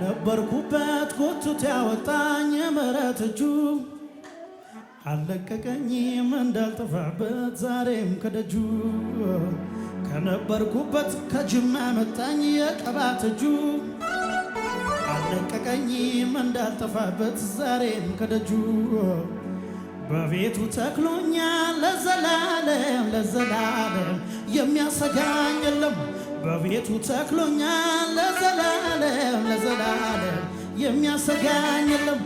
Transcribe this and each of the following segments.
ከነበርኩበት ጎትቶ ያወጣኝ የምሕረት እጁ አለቀቀኝም እንዳልጠፋበት ዛሬም ከደጁ ከነበርኩበት ከጅማ ያመጣኝ የቅባት እጁ አለቀቀኝም እንዳልጠፋበት ዛሬም ከደጁ በቤቱ ተክሎኛል ለዘላለም ለዘላለም የሚያሰጋኝ የለም በቤቱ ተክሎኛል ለዘላለም ለዘላለም ለዘላለም የሚያሰጋኝ የለም።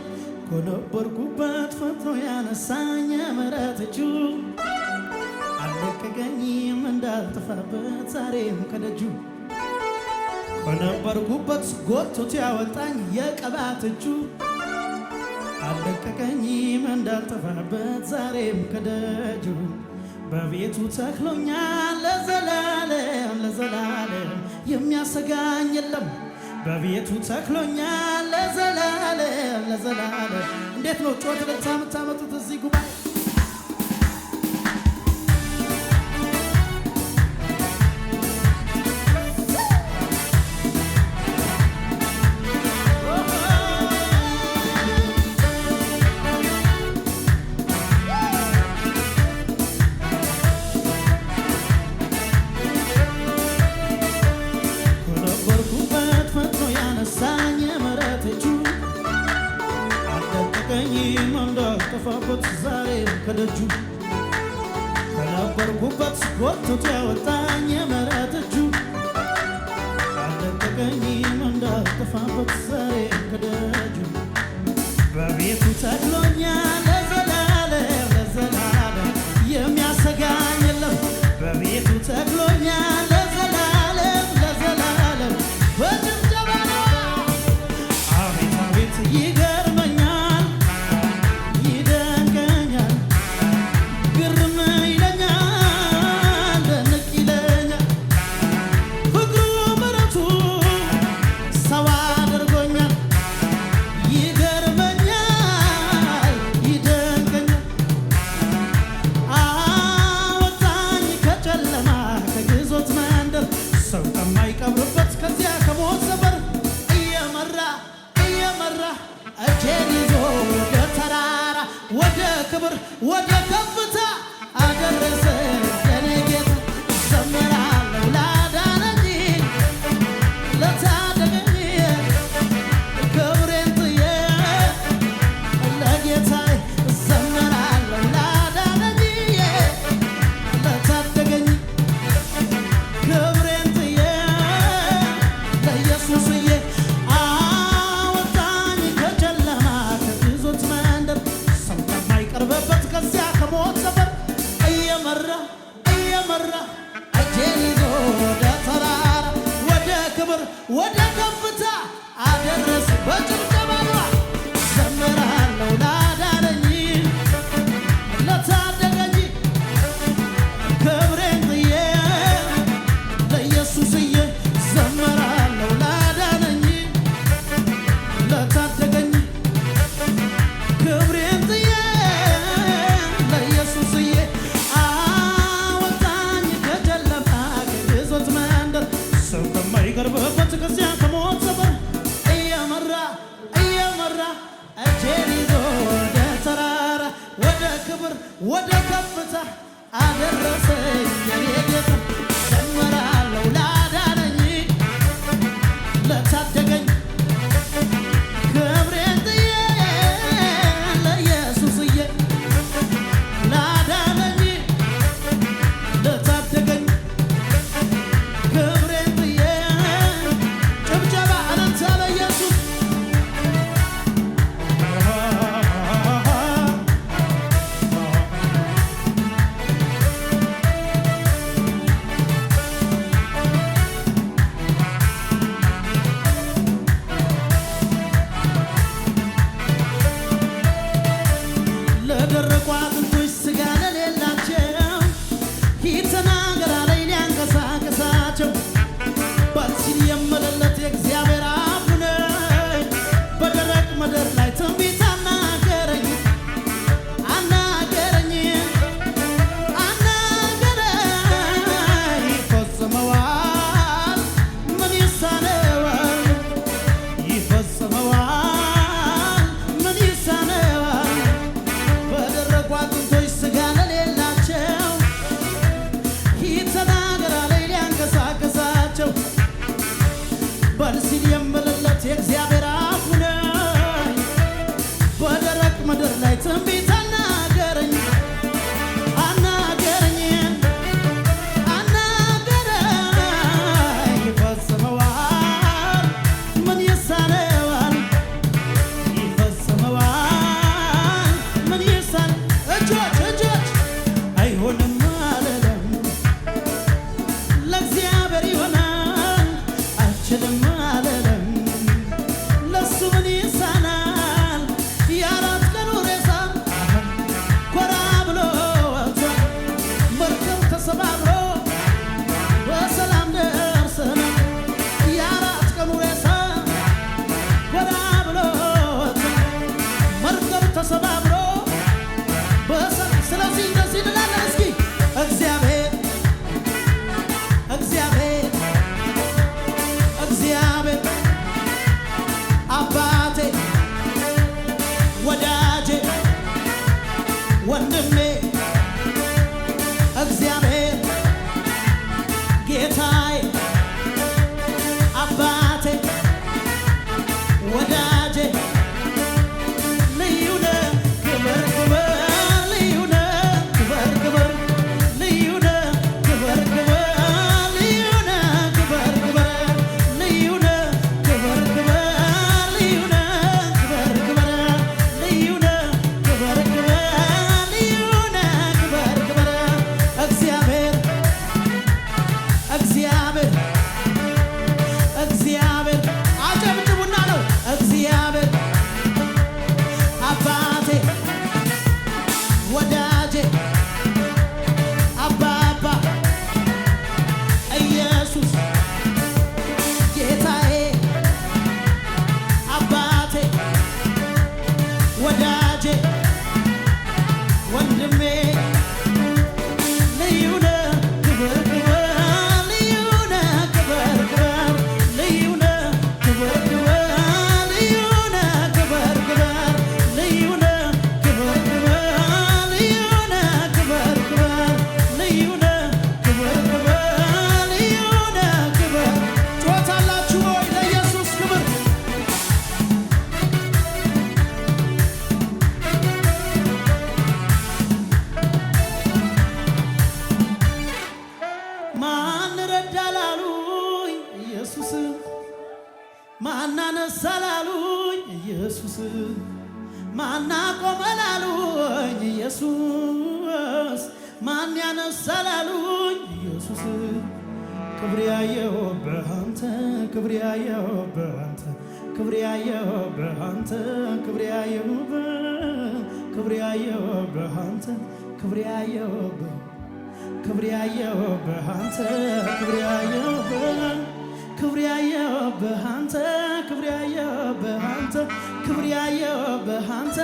ኮለበርኩበት ፈቶ ያነሳኝ ምሕረት እጁ አልለቀቀኝም እንዳልጠፋበት ዛሬም ከደጁ ከነበርኩበት ጎቶት ያወጣኝ የቀባት እጁ አልለቀቀኝም እንዳልጠፋበት ዛሬም ከደጁ በቤቱ ተክሎኛል ለዘላለም ለዘላለም የሚያሰጋኝ የለም። በቤቱ ተክሎኛል ለዘላለም ለዘላለም። እንዴት ነው ጮት ለታ የምታመጡት እዚህ ጉባኤ ደጁ ከነበርኩበት ጎትቶ ያወጣኝ የምህረት እጁ አልለቀቀኝም እንዳጠፋበት ዛሬ ከደጁ በቤቱ ተክሎ ወደ ከፍታ አደረስ በጭ Yeah. ደረቋል me ክብር ያየው በአንተ ክብር ያየው በአንተ ክብር ያየው በአንተ ክብር ያየው ክብር ያየው በአንተ ክብር ያየው ክብር ያየው በአንተ ክብር ያየው ክብር ያየው በአንተ ክብር ያየው በአንተ ክብር ያየው በአንተ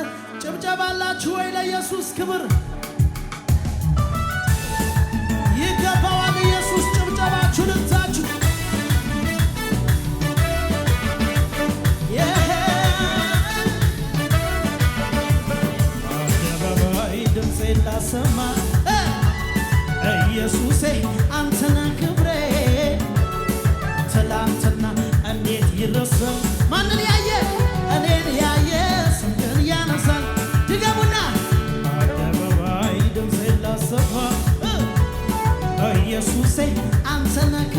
ጭብጨባላችሁ ወይ ለኢየሱስ ክብር ኢየሱሴ አንተነክ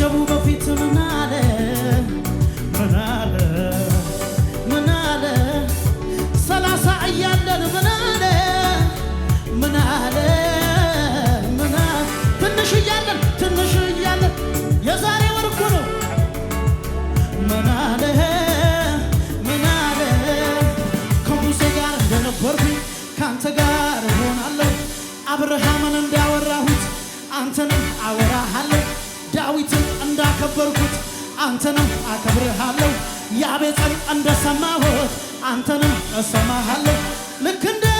ከማጀቡ በፊት ምን አለ ምን አለ ምን አለ ሰላሳ እያለን ምን አለ ምን አለ ምን አለ ትንሽ እያለን ትንሽ እያለን የዛሬ ወር እኮ ነው ምን አለ ምን አለ ከሙሴ ጋር እንደነበርኩኝ ከአንተ ጋር እሆናለሁ አብርሃምን እንዳወራሁት አንተንም አወራሃለሁ ዳዊትን እንዳከበርኩት አንተንም አከብርሃለሁ። ያቤጽን እንደሰማሁት አንተንም እሰማሃለሁ ልክ እንደ